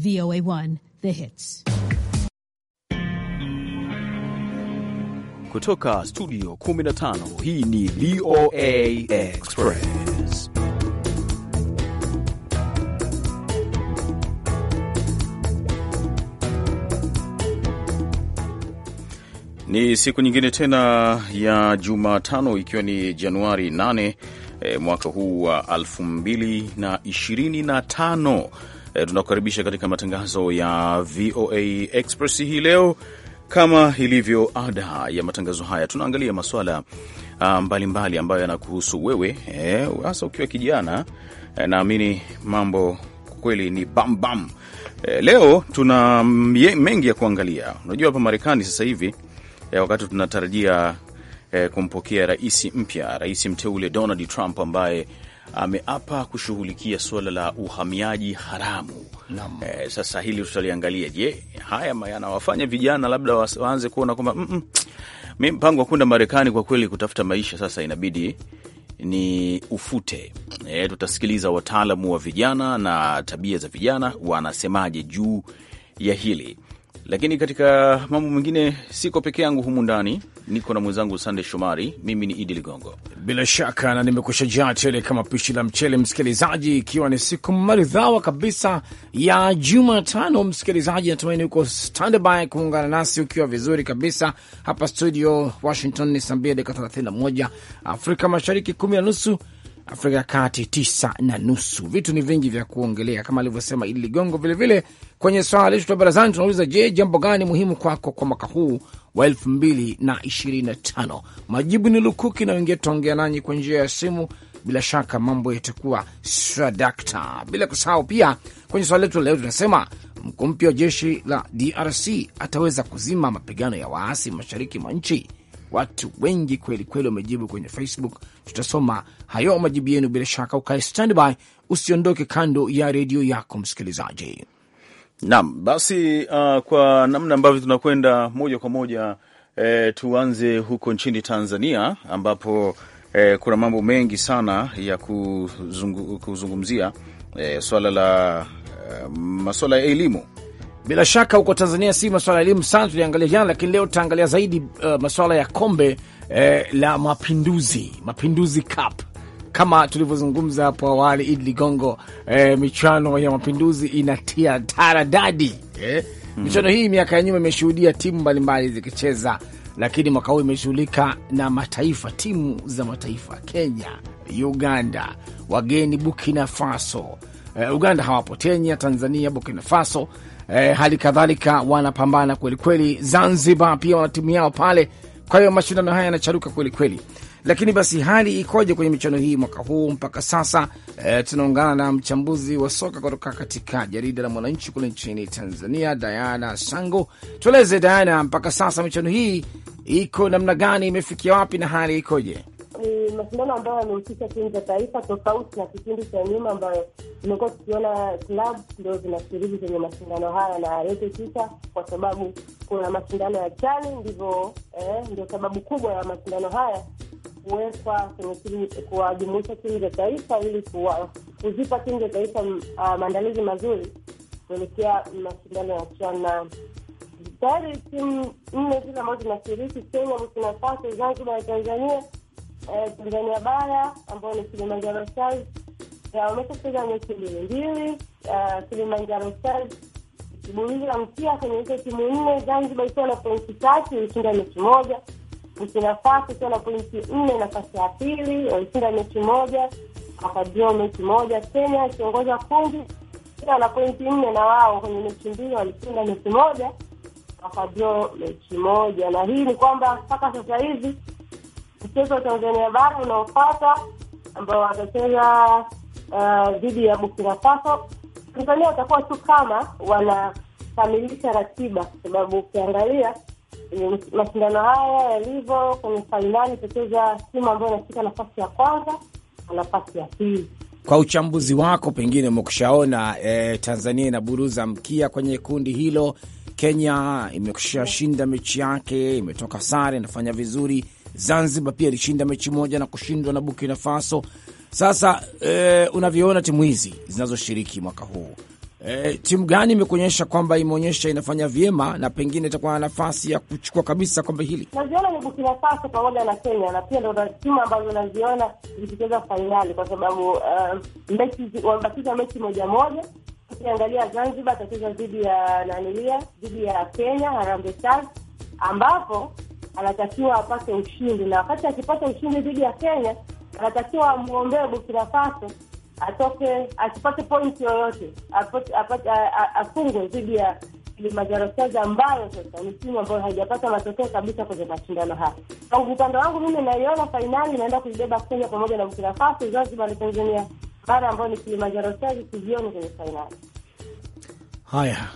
VOA1 The Hits. Kutoka studio 15 hii ni VOA Express. Ni siku nyingine tena ya Jumatano ikiwa ni Januari 8 eh, mwaka huu wa 2025 E, tunakukaribisha katika matangazo ya VOA Express hii leo. Kama ilivyo ada ya matangazo haya, tunaangalia masuala ah, mbalimbali um, mbali ambayo yanakuhusu wewe eh, hasa e, ukiwa kijana e, naamini mambo kweli ni bambam bam. E, leo tuna mengi ya kuangalia. Unajua hapa Marekani sasa hivi e, wakati tunatarajia e, kumpokea rais mpya, rais mteule Donald Trump ambaye ameapa kushughulikia suala la uhamiaji haramu. Eh, sasa hili tutaliangalia. Je, haya yanawafanya vijana labda waanze kuona kwamba mm -mm, mi mpango wa kwenda Marekani kwa kweli kutafuta maisha sasa inabidi ni ufute. E, tutasikiliza wataalamu wa vijana na tabia za vijana wanasemaje juu ya hili. Lakini katika mambo mengine, siko peke yangu humu ndani, niko na mwenzangu Sande Shomari. Mimi ni Idi Ligongo, bila shaka na nimekusha jaa tele kama pishi la mchele, msikilizaji, ikiwa ni siku maridhawa kabisa ya Jumatano. Msikilizaji, natumaini uko standby kuungana nasi ukiwa vizuri kabisa. Hapa studio Washington ni saa mbili dakika 31, Afrika Mashariki kumi na nusu Afrika ya Kati tisa na nusu. Vitu ni vingi vya kuongelea kama alivyosema Idi Ligongo. Vilevile kwenye swala letu la barazani tunauliza, je, jambo gani muhimu kwako kwa mwaka huu wa elfu mbili na ishirini na tano? Majibu ni lukuki na wengine tutaongea nanyi kwa njia ya simu. Bila shaka mambo yatakuwa swadakta, bila kusahau pia kwenye swala letu leo tunasema mkuu mpya wa jeshi la DRC ataweza kuzima mapigano ya waasi mashariki mwa nchi. Watu wengi kweli kweli wamejibu kwenye Facebook. Tutasoma hayo majibu yenu bila shaka, ukae standby, usiondoke kando ya redio yako msikilizaji. Naam, basi uh, kwa namna ambavyo tunakwenda moja kwa moja eh, tuanze huko nchini Tanzania ambapo eh, kuna mambo mengi sana ya kuzungu, kuzungumzia eh, swala la eh, masuala ya elimu bila shaka huko Tanzania si masuala ya elimu sana tuliangalia jana, lakini leo tutaangalia zaidi uh, masuala ya kombe eh, la Mapinduzi, Mapinduzi Cup kama tulivyozungumza hapo awali, Idi Ligongo. Eh, michuano ya Mapinduzi inatia taradadi eh. Mm-hmm. Michuano hii miaka ya nyuma imeshuhudia timu mbalimbali zikicheza, lakini mwaka huu imeshughulika na mataifa, timu za mataifa Kenya, Uganda, wageni Burkina Faso. Eh, Uganda hawapo, Kenya, Tanzania, Burkina Faso eh, hali kadhalika wanapambana kwelikweli. Zanzibar pia wana timu yao pale, kwa hiyo mashindano haya yanacharuka kwelikweli. Lakini basi hali ikoje kwenye michuano hii mwaka huu mpaka sasa? Eh, tunaungana na mchambuzi wa soka kutoka katika jarida la Mwananchi kule nchini Tanzania, Diana Sango. Tueleze Diana, mpaka sasa michuano hii iko namna gani, imefikia wapi na hali ikoje? ni mashindano ambayo yamehusisha timu za taifa tofauti na kipindi cha nyuma, ambayo tumekuwa tukiona club ndio zinashiriki kwenye mashindano haya na yote tisa, kwa sababu kuna mashindano ya chani, ndivyo eh, ndio sababu kubwa ya mashindano haya kuwekwa kwenye kuwajumuisha timu za taifa ili kuzipa timu za taifa uh, maandalizi mazuri kuelekea mashindano ya CHAN na tayari timu nne zile ambazo zinashiriki Kenya, Burkina Faso, Zanzibar na Tanzania eh, Tanzania bara ambayo ni Kilimanjaro Stars wameshacheza mechi mbili mbili. Eh, Kilimanjaro Stars ikibuliza mkia kwenye hizo timu nne, Zanzibar ikiwa na pointi tatu ilishinda mechi moja, Burkina Faso ikiwa na pointi nne nafasi ya pili walishinda mechi moja wakadraw mechi moja. Kenya akiongoza kundi ikiwa na pointi nne na wao kwenye mechi mbili walishinda mechi moja wakadraw mechi moja, na hii ni kwamba mpaka sasa hivi mchezo wa Tanzania bara unaofata ambao watacheza uh, dhidi uh, ya Burkina Faso. Tanzania watakuwa tu kama wanakamilisha ratiba, kwa sababu ukiangalia eh, mashindano haya yalivyo, kwenye fainali itacheza timu ambayo inashika nafasi ya kwanza na nafasi ya pili. Kwa uchambuzi wako, pengine umekushaona eh, Tanzania inaburuza mkia kwenye kundi hilo Kenya imekusha shinda mechi yake, imetoka sare, inafanya vizuri. Zanzibar pia ilishinda mechi moja na kushindwa na Burkina Faso. Sasa e, unavyoona timu hizi zinazoshiriki mwaka huu e, timu gani imekuonyesha kwamba imeonyesha inafanya vyema na pengine itakuwa na nafasi ya kuchukua kabisa kombe hili? Naziona ni Burkina Faso pamoja na Kenya, na pia ndo timu ambazo naziona zikicheza fainali, kwa sababu uh, mechi wamebakiza mechi moja moja Ukiangalia Zanzibar tatizo dhidi ya nanilia dhidi ya Kenya Harambee Stars, ambapo anatakiwa apate ushindi, na wakati akipata ushindi dhidi ya Kenya anatakiwa amwombee Burkina Faso atoke asipate pointi yoyote, afungwe dhidi ya Kilimanjaro Stars ambayo sasa ni timu ambayo haijapata matokeo kabisa kwenye mashindano haya. Kwa upande wangu mimi naiona fainali inaenda kuibeba Kenya pamoja na Burkina Faso, Zanzibar na Tanzania bara ambayo ni Kilimanjaro Stars kijioni kwenye fainali. Haya,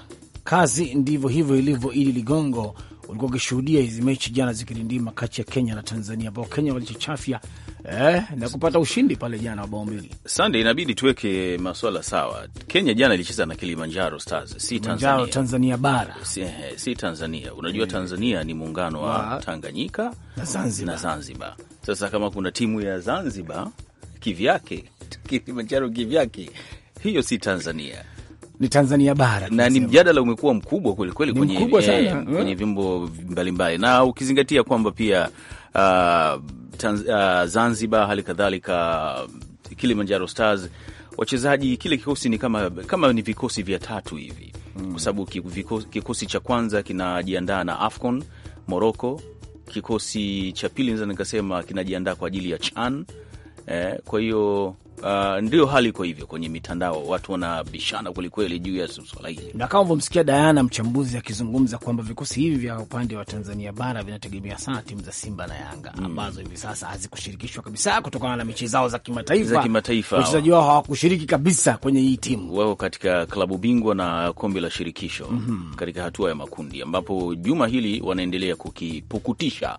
kazi ndivyo hivyo ilivyo. Ili Ligongo, ulikuwa ukishuhudia hizi mechi jana zikirindima kati ya Kenya na Tanzania, ambao Kenya walichochafya eh, na kupata ushindi pale jana wa bao mbili. Sande, inabidi tuweke maswala sawa. Kenya jana ilicheza na Kilimanjaro Stars, si Tanzania, Tanzania bara si, eh, si Tanzania. Unajua yeah. Tanzania ni muungano wa Tanganyika na Zanzibar, na Zanzibar. Sasa kama kuna timu ya Zanzibar kivyake, Kilimanjaro kivyake, hiyo si Tanzania ni Tanzania bara na ni mjadala umekuwa mkubwa kwelikweli kwenye, eh, kwenye vyombo mbalimbali na ukizingatia kwamba pia uh, Tanz, uh, Zanzibar hali kadhalika uh, Kilimanjaro Stars wachezaji kile kikosi ni kama, kama ni vikosi vya tatu hivi hmm, kwa sababu kikosi cha kwanza kinajiandaa na AFCON Morocco, kikosi cha pili naweza nikasema kinajiandaa kwa ajili ya CHAN eh, kwa hiyo Uh, ndio hali iko hivyo kwenye mitandao, watu wanabishana kwelikweli juu ya swala hili, na kama vyomsikia Dayana mchambuzi akizungumza kwamba vikosi hivi vya upande wa Tanzania bara vinategemea sana timu za Simba na Yanga mm, ambazo hivi sasa hazikushirikishwa kabisa kutokana na mechi zao za kimataifa. Kimataifa wachezaji wao hawakushiriki kabisa kwenye hii timu, wao katika klabu bingwa na kombe la shirikisho mm -hmm, katika hatua ya makundi ambapo juma hili wanaendelea kukipukutisha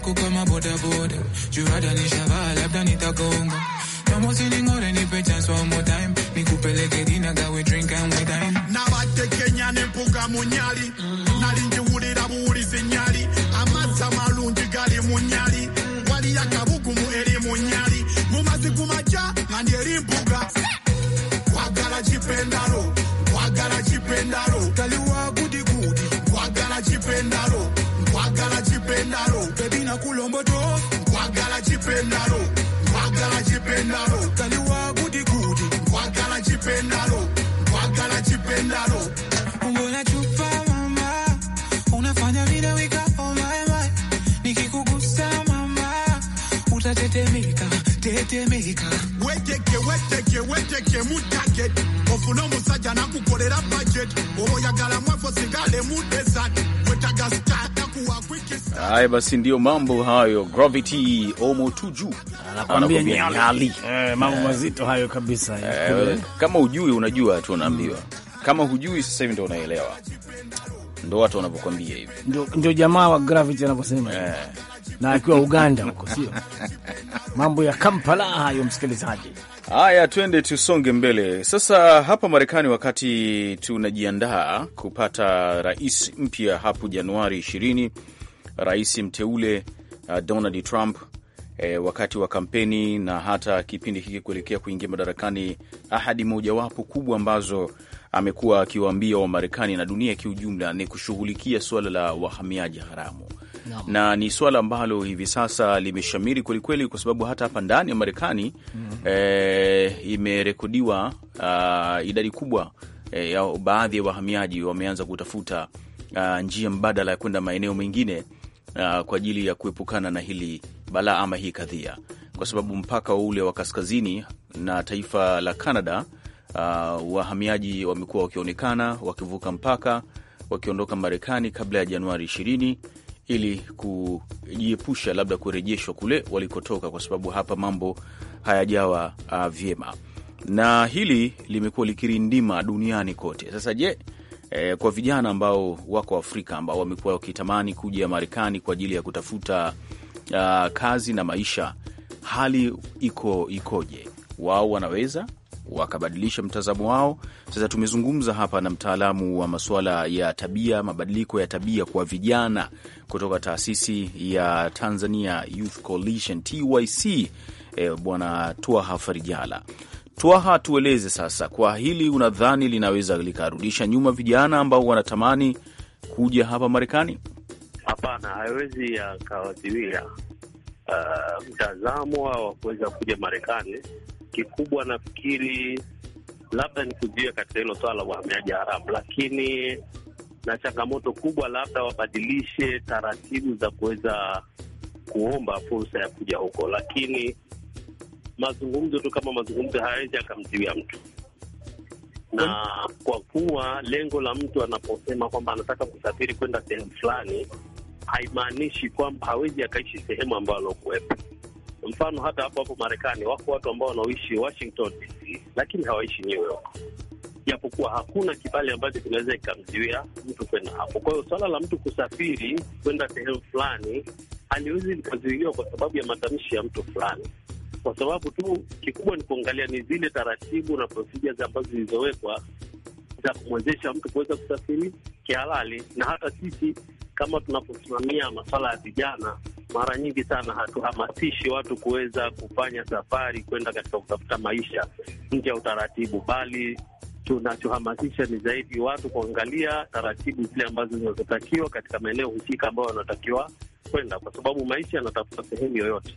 yako kama bodaboda, jua dani shavaa labda nitagonga kama usining'ore, nipe chance one more time, nikupeleke dina gawe drink and we dine nabatekenyana Kenya mu nyali nali ngiwulira buwulizi nyali amazzi amalungi gali mu nyali waliyo akabugumu eri mu nyali mu mazzi gumaja nga ndi eri mpuga wagala kipendalo wagala kipendalo kulomboto mwagala chipendalo mwagala chipendalo taliwa gudigudi mwagala chipendalo mwagala chipendalo mbona chupa mama unafanya vile wika oh my mind nikikugusa mama utatetemeka tetemeka wekeke wekeke weteke mutake ofuna omusajja nakukolera budget oyo yagala mwefo sigale mu desert wetaga start Haya basi, ndio mambo hayo. Gravity Omo Tuju anakuambia nyali, eh, mambo eh. mazito hayo kabisa eh, kama ujui unajua tu unaambiwa, hmm. kama hujui sasa hivi ndio unaelewa ndo watu wanavyokwambia hivi, ndio jamaa wa gravity anavyosema yeah. na akiwa Uganda huko sio mambo ya Kampala hayo, msikilizaji. Haya, twende tusonge mbele sasa. Hapa Marekani, wakati tunajiandaa kupata rais mpya hapo Januari 20, rais mteule uh, Donald Trump E, wakati wa kampeni na hata kipindi hiki kuelekea kuingia madarakani, ahadi mojawapo kubwa ambazo amekuwa akiwaambia Wamarekani na dunia kiujumla ni kushughulikia suala la wahamiaji haramu na ni swala ambalo hivi sasa limeshamiri kwelikweli, kwa sababu hata hapa ndani ya Marekani mm -hmm. e, imerekodiwa uh, idadi kubwa e, ya baadhi ya wahamiaji wameanza kutafuta uh, njia mbadala ya kwenda maeneo mengine uh, kwa ajili ya kuepukana na hili balaa ama hii kadhia, kwa sababu mpaka ule wa kaskazini na taifa la Canada uh, wahamiaji wamekuwa wakionekana wakivuka mpaka wakiondoka Marekani kabla ya Januari 20 ili kujiepusha labda kurejeshwa kule walikotoka, kwa sababu hapa mambo hayajawa uh, vyema, na hili limekuwa likirindima duniani kote. Sasa je, eh, kwa vijana ambao wako Afrika ambao wamekuwa wakitamani kuja Marekani kwa ajili ya kutafuta uh, kazi na maisha, hali iko ikoje? Wao wanaweza wakabadilisha mtazamo wao. Sasa tumezungumza hapa na mtaalamu wa masuala ya tabia, mabadiliko ya tabia kwa vijana kutoka taasisi ya Tanzania Youth Coalition TYC, e, Bwana Twaha Farijala. Twaha, tueleze sasa, kwa hili unadhani linaweza likarudisha nyuma vijana ambao wanatamani kuja hapa Marekani? Hapana, haiwezi yakawaziwia uh, mtazamo wa kuweza kuja Marekani Kikubwa nafikiri labda ni kujia katika hilo swala la uhamiaji haramu, lakini na changamoto kubwa, labda wabadilishe taratibu za kuweza kuomba fursa ya kuja huko, lakini mazungumzo tu kama mazungumzo hayawezi akamziwia mtu na kwa kuwa lengo la mtu anaposema kwamba anataka kusafiri kwenda sehemu fulani haimaanishi kwamba hawezi akaishi sehemu ambayo alokuwepo. Mfano hata hapo hapo Marekani wako watu ambao wanaoishi Washington DC, lakini hawaishi New York, japokuwa hakuna kibali ambacho kinaweza ikamziwia mtu kwenda hapo. Kwa hiyo swala la mtu kusafiri kwenda sehemu fulani haliwezi likaziwiliwa kwa sababu ya matamshi ya mtu fulani, kwa sababu tu kikubwa ni kuangalia ni zile taratibu na procedures ambazo zilizowekwa za kumwezesha mtu kuweza kusafiri kihalali. Na hata sisi kama tunaposimamia masuala ya vijana, mara nyingi sana hatuhamasishi watu kuweza kufanya safari kwenda katika kutafuta maisha nje ya utaratibu, bali tunachohamasisha ni zaidi watu kuangalia taratibu zile ambazo zinazotakiwa katika maeneo husika ambayo wanatakiwa kwenda, kwa sababu maisha yanatafuta sehemu yoyote.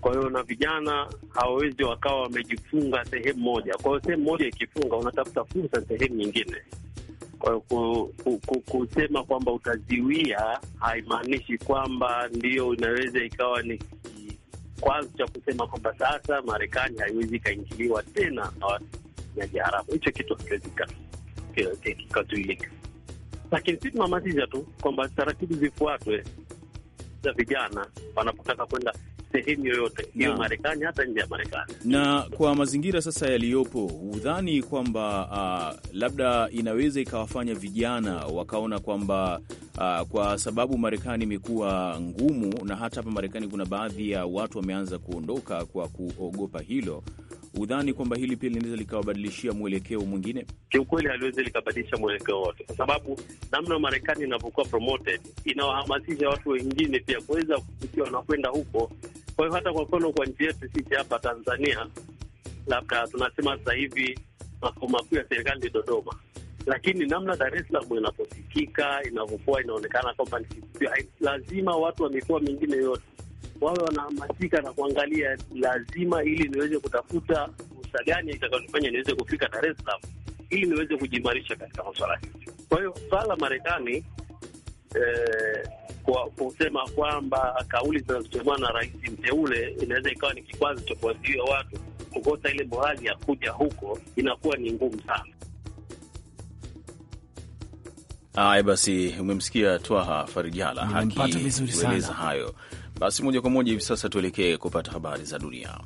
Kwa hiyo na vijana hawawezi wakawa wamejifunga sehemu moja. Kwa hiyo sehemu moja ikifunga, unatafuta fursa sehemu nyingine. Kwa eh, ku, ku, ku, kusema kwamba utaziwia haimaanishi kwamba ndio inaweza ikawa ni kwanza cha kusema kwamba sasa Marekani haiwezi ikaingiliwa tena na wahamiaji haramu. Hicho kitu kikazuilika, lakini si tunamasiza tu kwamba taratibu zifuatwe za vijana wanapotaka kwenda sehemu yoyote, sio Marekani, hata nje ya Marekani. Na kwa mazingira sasa yaliyopo, hudhani kwamba uh, labda inaweza ikawafanya vijana wakaona kwamba uh, kwa sababu Marekani imekuwa ngumu, na hata hapa Marekani kuna baadhi ya watu wameanza kuondoka kwa kuogopa hilo Udhani kwamba hili pia linaweza likawabadilishia mwelekeo mwingine? Kiukweli haliwezi likabadilisha mwelekeo wote, kwa sababu namna Marekani inavyokuwa promoted inawahamasisha watu wengine pia kuweza kufikia wanakwenda huko. Kwa hiyo hata kwa mfano kwa nchi yetu sisi hapa Tanzania, labda tunasema sasa hivi makao makuu ya serikali ni Dodoma, lakini namna Dar es Salaam inaposikika, inavyokuwa inaonekana kwamba lazima watu wa mikoa mingine yote wawe wanahamasika na kuangalia lazima, ili niweze kutafuta fursa gani itakayonifanya niweze kufika Dar es Salaam ili niweze kujimarisha katika maswala hiyo. Kwa hiyo swala la Marekani eh, kwa kusema kwamba kauli zinazotolewa na rais mteule inaweza ikawa ni kikwazo cha kuwazuia watu kukosa ile morali ya kuja huko, inakuwa ni ngumu sana. Haya basi, umemsikia Twaha Farijala akieleza hayo. Basi moja kwa moja hivi sasa tuelekee kupata habari za dunia.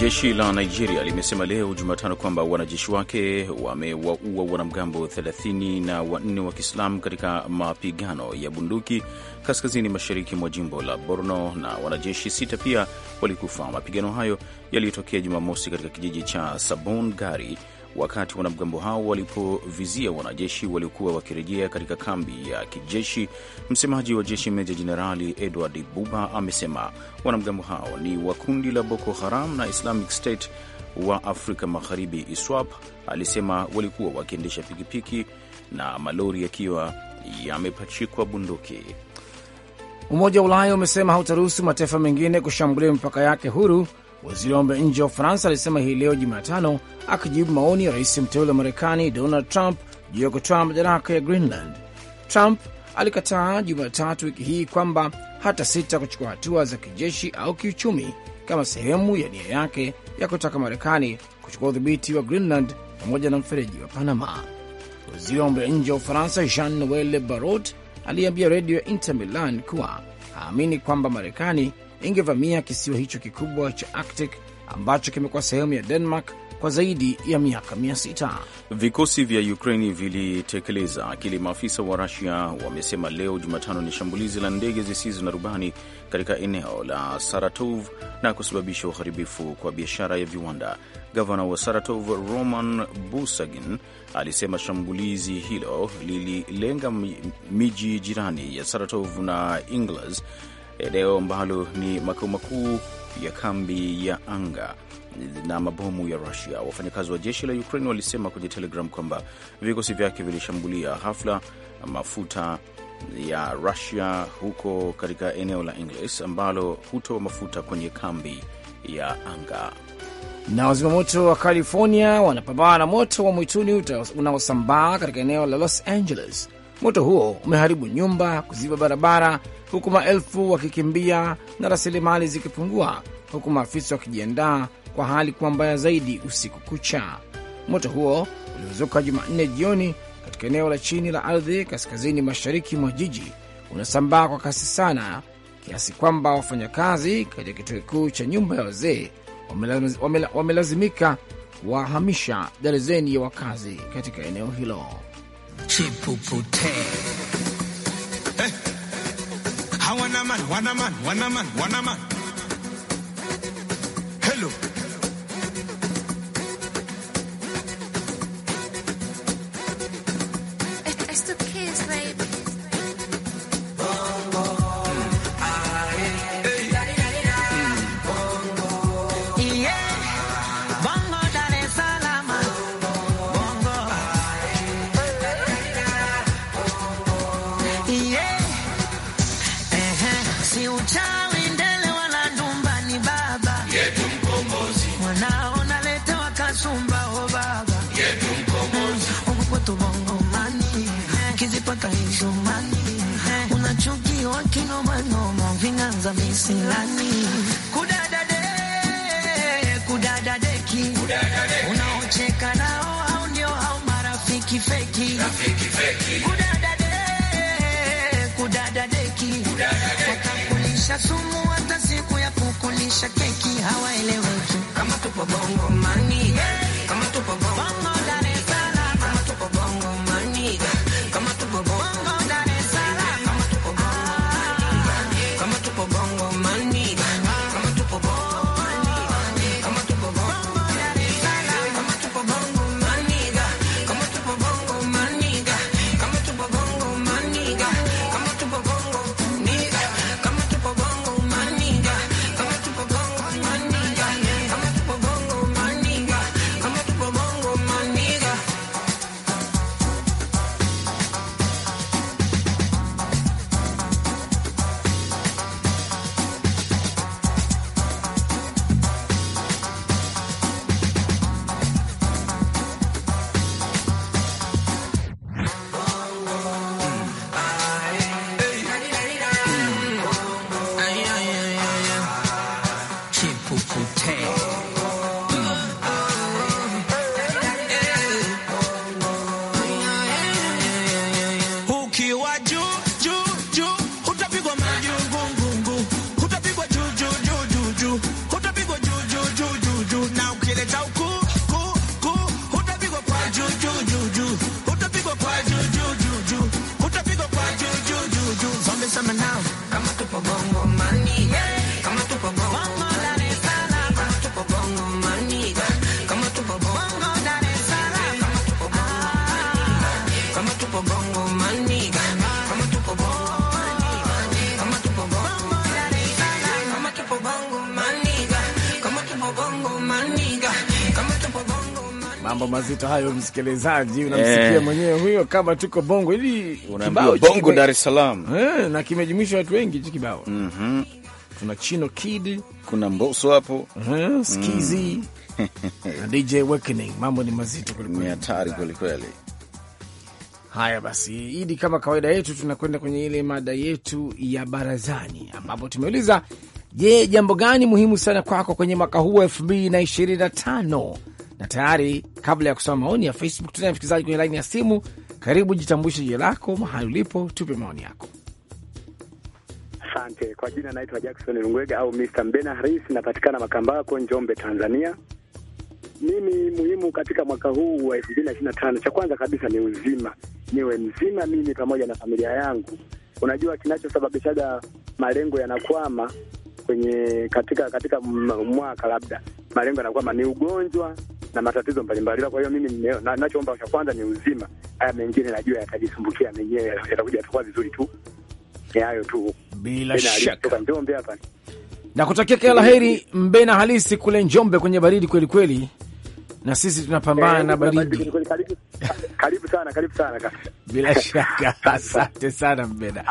Jeshi la Nigeria limesema leo Jumatano kwamba wanajeshi wake wamewaua wanamgambo 30 na wanne wa Kiislamu katika mapigano ya bunduki kaskazini mashariki mwa jimbo la Borno, na wanajeshi sita pia walikufa. Mapigano hayo yaliyotokea Jumamosi katika kijiji cha Sabon Gari wakati wanamgambo hao walipovizia wanajeshi waliokuwa wakirejea katika kambi ya kijeshi. Msemaji wa jeshi Meja Jenerali Edward Buba amesema wanamgambo hao ni wa kundi la Boko Haram na Islamic State wa Afrika Magharibi, ISWAP. Alisema walikuwa wakiendesha pikipiki na malori yakiwa yamepachikwa bunduki. Umoja wa Ulaya umesema hautaruhusu mataifa mengine kushambulia mipaka yake huru Waziri wa mambo ya nje wa Ufaransa alisema hii leo Jumatano akijibu maoni ya rais mteule wa Marekani Donald Trump juu ya kutoa madaraka ya Greenland. Trump alikataa Jumatatu wiki hii kwamba hata sita kuchukua hatua za kijeshi au kiuchumi kama sehemu ya nia yake ya kutaka Marekani kuchukua udhibiti wa Greenland pamoja na mfereji wa Panama. Waziri wa mambo ya nje wa Ufaransa Jean Noel Barrot aliambia redio ya Inter Milan kuwa haamini kwamba Marekani ingevamia kisiwa hicho kikubwa cha Arctic ambacho kimekuwa sehemu ya Denmark kwa zaidi ya miaka mia sita. Vikosi vya Ukraini vilitekeleza kile maafisa wa Rusia wamesema leo Jumatano ni shambulizi la ndege zisizo na rubani katika eneo la Saratov na kusababisha uharibifu kwa biashara ya viwanda. Gavana wa Saratov Roman Busagin alisema shambulizi hilo lililenga miji jirani ya Saratov na Ingles eneo eh, ambalo ni makao makuu ya kambi ya anga na mabomu ya Rusia. Wafanyakazi wa jeshi la Ukraine walisema kwenye Telegram kwamba vikosi vyake vilishambulia hafla mafuta ya Rusia huko katika eneo la Inglis ambalo hutoa mafuta kwenye kambi ya anga. Na wazimamoto wa California wanapambana na moto wa mwituni unaosambaa katika eneo la Los Angeles. Moto huo umeharibu nyumba, kuziba barabara huku maelfu wakikimbia na rasilimali zikipungua, huku maafisa wakijiandaa kwa hali kuwa mbaya zaidi usiku kucha. Moto huo uliozuka Jumanne jioni katika eneo la chini la ardhi kaskazini mashariki mwa jiji unasambaa kwa kasi sana kiasi kwamba wafanyakazi katika kituo kikuu cha nyumba ya wazee wamelazimika kuwahamisha darizeni ya wakazi katika eneo hilo. Chipupute eh, One man, one man, one man, one man. Hello. Kudadade, kudadadeki, unaocheka nao au ndio au marafiki feki, kudadade, kudadadeki, watakulisha sumu hata siku ya kukulisha keki, hawaeleweki kama tupo bongo mani, kama tupo bongo mambo mazito hayo, msikilizaji, unamsikia yeah. mwenyewe huyo. Kama tuko bongo ili kibao bongo Dar es Salaam eh, na kimejumuisha watu wengi hichi kibao mm -hmm. Kuna Chino Kid, kuna Mboso hapo eh, Skizi mm. na DJ Awakening. Mambo ni mazito kwelikweli, hatari kwelikweli. Haya basi, Idi, kama kawaida yetu, tunakwenda kwenye ile mada yetu ya barazani, ambapo tumeuliza je, jambo gani muhimu sana kwako kwenye mwaka huu elfu mbili na ishirini na tano? na tayari kabla ya kusoma maoni ya Facebook, tunaye msikilizaji kwenye laini ya simu. Karibu, jitambulishe jina lako, mahali ulipo, tupe maoni yako. Asante kwa jina, naitwa Jackson Lungwega au Mr Mbena Haris, napatikana Makambako, Njombe, Tanzania. Mimi muhimu katika mwaka huu wa elfu mbili na ishirini na tano, cha kwanza kabisa ni uzima, niwe mzima mimi pamoja na familia yangu. Unajua kinachosababishaga malengo yanakwama kwenye katika katika mwaka labda malengo yanakwama ni ugonjwa na matatizo mbalimbali. Kwa hiyo mimi ninachoomba cha kwanza ni uzima. Haya mengine najua yatajisumbukia, mengine yatakuja yatakuwa vizuri tu. Ni hayo tu, bila shaka. Njombe hapa na kutakia kila la heri mbena halisi kule Njombe kwenye baridi kweli kweli, na sisi tunapambana eh, na baridi karibu sana, karibu sana kaka. Bila shaka, asante sana Mbena.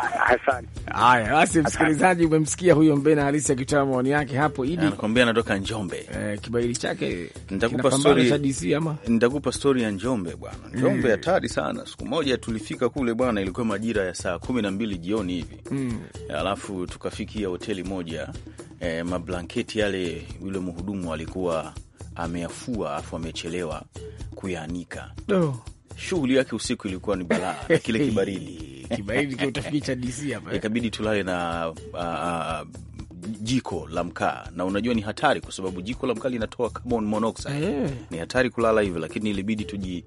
Haya basi, msikilizaji, umemsikia huyo Mbena halisi akitoa maoni yake hapo. Idi anakuambia anatoka Njombe. Eh, kibaili chake nitakupa story ya DC ama nitakupa story ya Njombe bwana. Njombe hmm. hatari mm. sana. Siku moja tulifika kule bwana, ilikuwa majira ya saa kumi na mbili jioni hivi mm. alafu tukafikia hoteli moja eh, mablanketi yale yule mhudumu alikuwa ameafua afu amechelewa kuyaanika no. Oh shughuli yake usiku ilikuwa ni balaa na kile kibaridi kibaridi DC hapa eh? ikabidi tulale na uh, jiko la mkaa, na unajua ni hatari kwa sababu jiko la mkaa linatoa carbon monoxide eh. Ni hatari kulala hivyo, lakini ilibidi tuji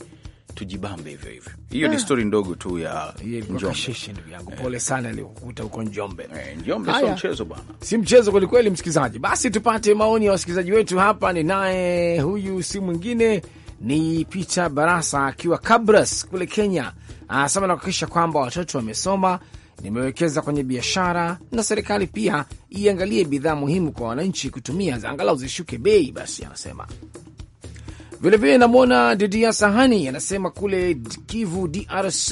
tujibambe hivyo hivyo. Hiyo ni ah. stori ndogo tu ya Njombe. Ndugu yangu, eh. pole sana huko Njombe. Njombe sio mchezo bwana, si mchezo kwelikweli, msikilizaji. Basi tupate maoni ya wasikilizaji wetu hapa. Ni naye huyu si mwingine ni Peter Barasa akiwa Kabras kule Kenya, anasema nakuhakikisha kwamba watoto wamesoma, nimewekeza kwenye biashara, na serikali pia iangalie bidhaa muhimu kwa wananchi kutumia, angalau zishuke bei. Basi anasema Vilevile namwona Didia Sahani anasema kule Kivu, DRC,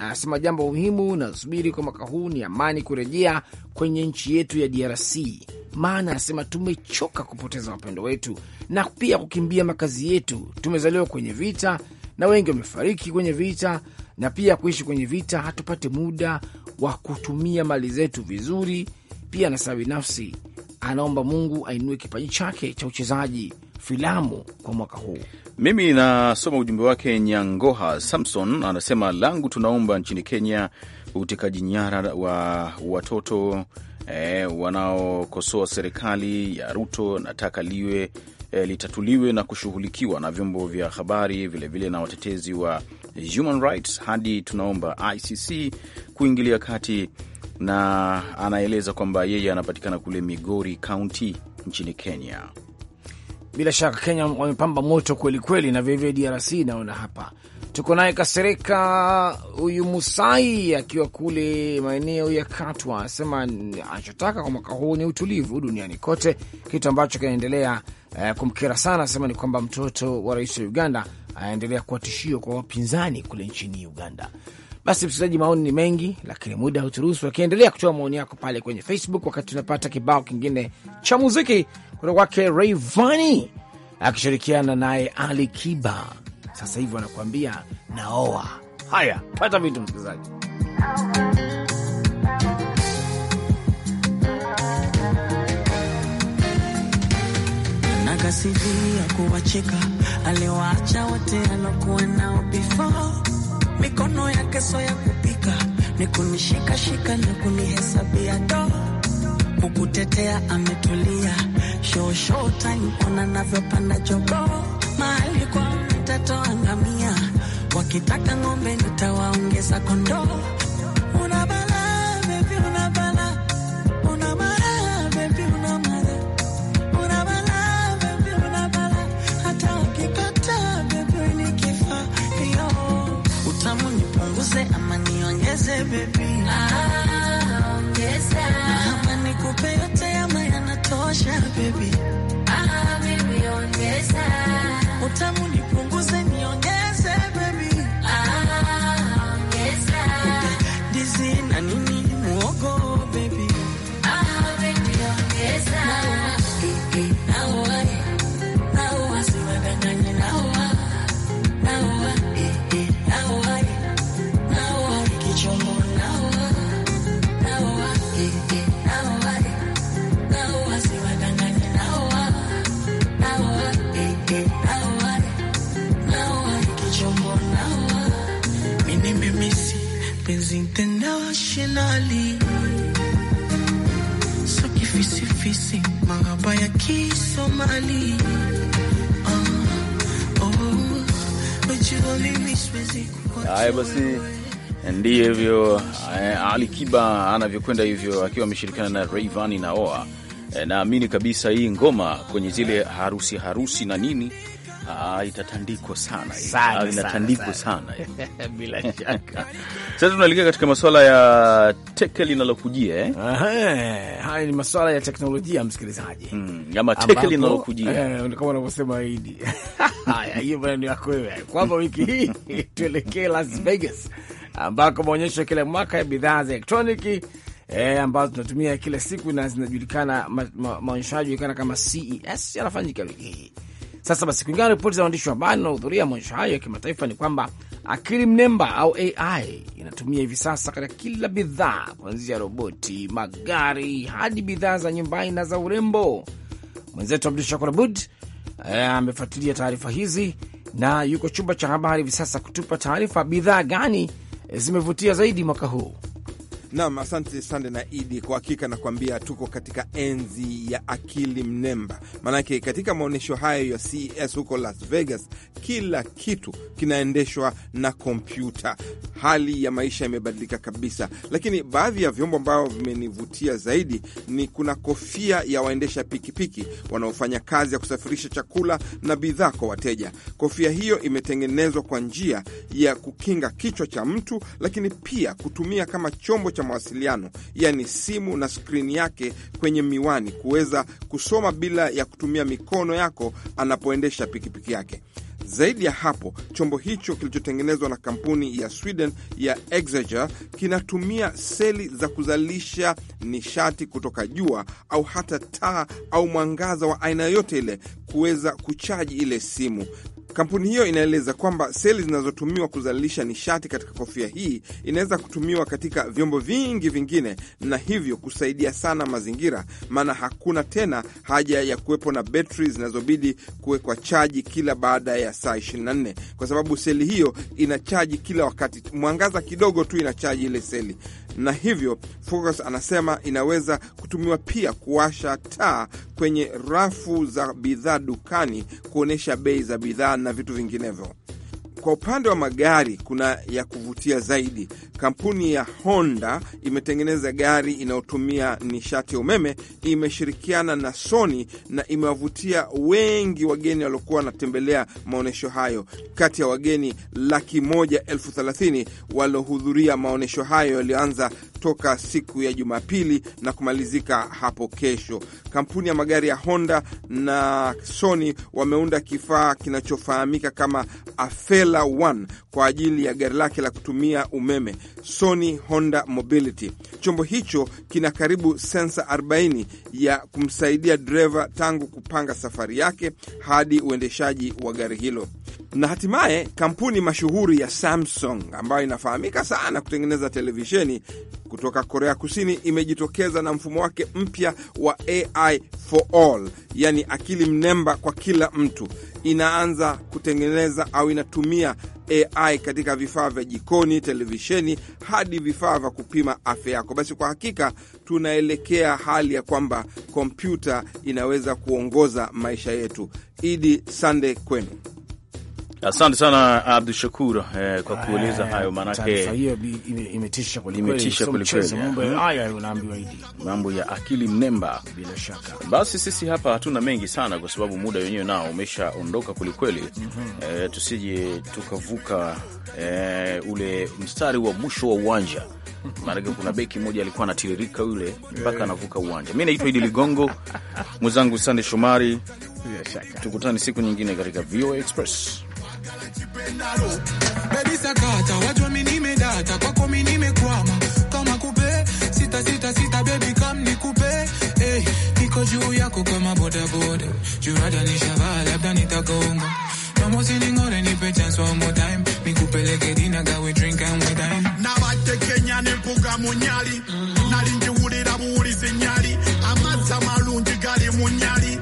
anasema jambo muhimu nasubiri kwa mwaka huu ni amani kurejea kwenye nchi yetu ya DRC, maana anasema tumechoka kupoteza wapendo wetu na pia kukimbia makazi yetu. Tumezaliwa kwenye vita na wengi wamefariki kwenye vita na pia kuishi kwenye vita, hatupate muda wa kutumia mali zetu vizuri. Pia anasaa binafsi anaomba Mungu ainue kipaji chake cha uchezaji filamu kwa mwaka huu. Mimi nasoma ujumbe wake. Nyangoha Samson anasema langu tunaomba nchini Kenya utekaji nyara wa watoto eh, wanaokosoa serikali ya Ruto nataka liwe eh, litatuliwe na kushughulikiwa na vyombo vya habari vilevile vile na watetezi wa human rights, hadi tunaomba ICC kuingilia kati, na anaeleza kwamba yeye anapatikana kule Migori kaunti nchini Kenya. Bila shaka Kenya wamepamba moto kweli kweli, na vilevile DRC naona hapa tuko naye Kasereka huyu Musai akiwa kule maeneo ya Katwa, anasema anachotaka kwa mwaka huu ni utulivu duniani kote, kitu ambacho kinaendelea eh, kumkera sana. asema ni kwamba mtoto wa rais wa Uganda anaendelea kuwa tishio kwa wapinzani kule nchini Uganda. Basi msikilizaji, maoni ni mengi, lakini muda hauturuhusu. Akiendelea kutoa maoni yako pale kwenye Facebook wakati tunapata kibao kingine cha muziki kutoka kwake Rayvanny akishirikiana naye Ali Kiba. Sasa hivi wanakuambia naoa. Haya, pata vitu msikilizaji. Nakasidia kuwacheka aliwaacha wote alokuwa nao before mikono yake so ya kupika ni kunishikashika na kunihesabia do kukutetea, ametulia show time ona navyopanda jogo mahali kwa mtatoa wakitaka ng'ombe nitawaongeza kondoo baby kanali so ya Kisomali ah, oh, oh, haya. basi ndiyo hivyo eh, Ali Kiba anavyokwenda hivyo, akiwa ameshirikiana na Rayvanny na Oa. Eh, naamini kabisa hii ngoma kwenye zile harusi harusi na nini Ah, itatandikwa sana, sana, ah, inatandikwa sana, sana. bila shaka sasa tunaelekea katika masuala ya teke linalokujia eh? Haya ni masuala ya teknolojia msikilizaji, mm, ama teke linalokujia eh, kama unavyosema Idi haya, hiyo maneno yako wewe kwamba wiki hii tuelekee Las Vegas ambako maonyesho ya kila mwaka ya bidhaa za elektroniki E, ambazo tunatumia kila siku na zinajulikana maonyesho ma, ma, ma, yanajulikana kama CES yanafanyika wiki hii sasa basi, kulingana na ripoti za waandishi wa habari wanaohudhuria maonyesho hayo ya kimataifa ni kwamba akili mnemba au AI inatumia hivi sasa katika kila bidhaa, kuanzia roboti, magari hadi bidhaa za nyumbani na za urembo. Mwenzetu Abdu Shakur Abud eh, amefuatilia taarifa hizi na yuko chumba cha habari hivi sasa kutupa taarifa bidhaa gani eh, zimevutia zaidi mwaka huu. Nam, asante sande na Idi. Kwa hakika nakuambia tuko katika enzi ya akili mnemba, maanake katika maonyesho hayo ya CES huko Las Vegas kila kitu kinaendeshwa na kompyuta. Hali ya maisha imebadilika kabisa, lakini baadhi ya vyombo ambavyo vimenivutia zaidi ni kuna kofia ya waendesha pikipiki wanaofanya kazi ya kusafirisha chakula na bidhaa kwa wateja. Kofia hiyo imetengenezwa kwa njia ya kukinga kichwa cha mtu, lakini pia kutumia kama chombo cha cha mawasiliano, yaani simu na skrini yake kwenye miwani, kuweza kusoma bila ya kutumia mikono yako anapoendesha pikipiki yake. Zaidi ya hapo, chombo hicho kilichotengenezwa na kampuni ya Sweden ya Exeger kinatumia seli za kuzalisha nishati kutoka jua au hata taa au mwangaza wa aina yote ile kuweza kuchaji ile simu Kampuni hiyo inaeleza kwamba seli zinazotumiwa kuzalisha nishati katika kofia hii inaweza kutumiwa katika vyombo vingi vingine, na hivyo kusaidia sana mazingira, maana hakuna tena haja ya kuwepo na betri zinazobidi kuwekwa chaji kila baada ya saa 24 kwa sababu seli hiyo ina chaji kila wakati. Mwangaza kidogo tu ina chaji ile seli na hivyo Focus anasema inaweza kutumiwa pia kuwasha taa kwenye rafu za bidhaa dukani kuonyesha bei za bidhaa na vitu vinginevyo. Kwa upande wa magari kuna ya kuvutia zaidi. Kampuni ya Honda imetengeneza gari inayotumia nishati ya umeme, imeshirikiana na Sony na imewavutia wengi wageni waliokuwa wanatembelea maonyesho hayo, kati ya wageni laki moja elfu thelathini waliohudhuria maonyesho hayo yaliyoanza toka siku ya Jumapili na kumalizika hapo kesho. Kampuni ya magari ya Honda na Sony wameunda kifaa kinachofahamika kama Afel Tesla One kwa ajili ya gari lake la kutumia umeme Sony Honda Mobility. Chombo hicho kina karibu sensa 40 ya kumsaidia dereva tangu kupanga safari yake hadi uendeshaji wa gari hilo na hatimaye kampuni mashuhuri ya Samsung ambayo inafahamika sana kutengeneza televisheni kutoka Korea Kusini imejitokeza na mfumo wake mpya wa AI for all, yani akili mnemba kwa kila mtu. Inaanza kutengeneza au inatumia AI katika vifaa vya jikoni, televisheni hadi vifaa vya kupima afya yako. Basi kwa hakika tunaelekea hali ya kwamba kompyuta inaweza kuongoza maisha yetu. Idi, sande kwenu. Asante sana Abdu Shakur eh, kwa ah, kueleza hayo, maanake imetisha kwelikweli, mambo ya akili mnemba. Bila shaka basi, sisi hapa hatuna mengi sana, kwa sababu muda wenyewe nao umeshaondoka kwelikweli. mm -hmm. Eh, tusije tukavuka eh, ule mstari wa mwisho wa uwanja maanake kuna beki moja alikuwa anatiririka yule mpaka eh. anavuka uwanja. Mi naitwa Idi Ligongo, mwenzangu Sande Shomari. Tukutane siku nyingine katika VOA Express. Baby sakata, wajua mi nimedata, kwako mi nimekwama kama kupe sita sita sita, baby kam nikupe hey, eh, niko juu yako kama bodaboda, jurada nishavaa, labda nitagonga namosiningore, nipe chance one more time, nikupeleke dina gawe drink and we dine nabatekenya nempuga munyali mm -hmm. nalinjiwulira buwulizi nyali amazza malungi gali munyali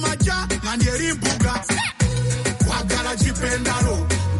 kumaja na nyeri mbuga wagara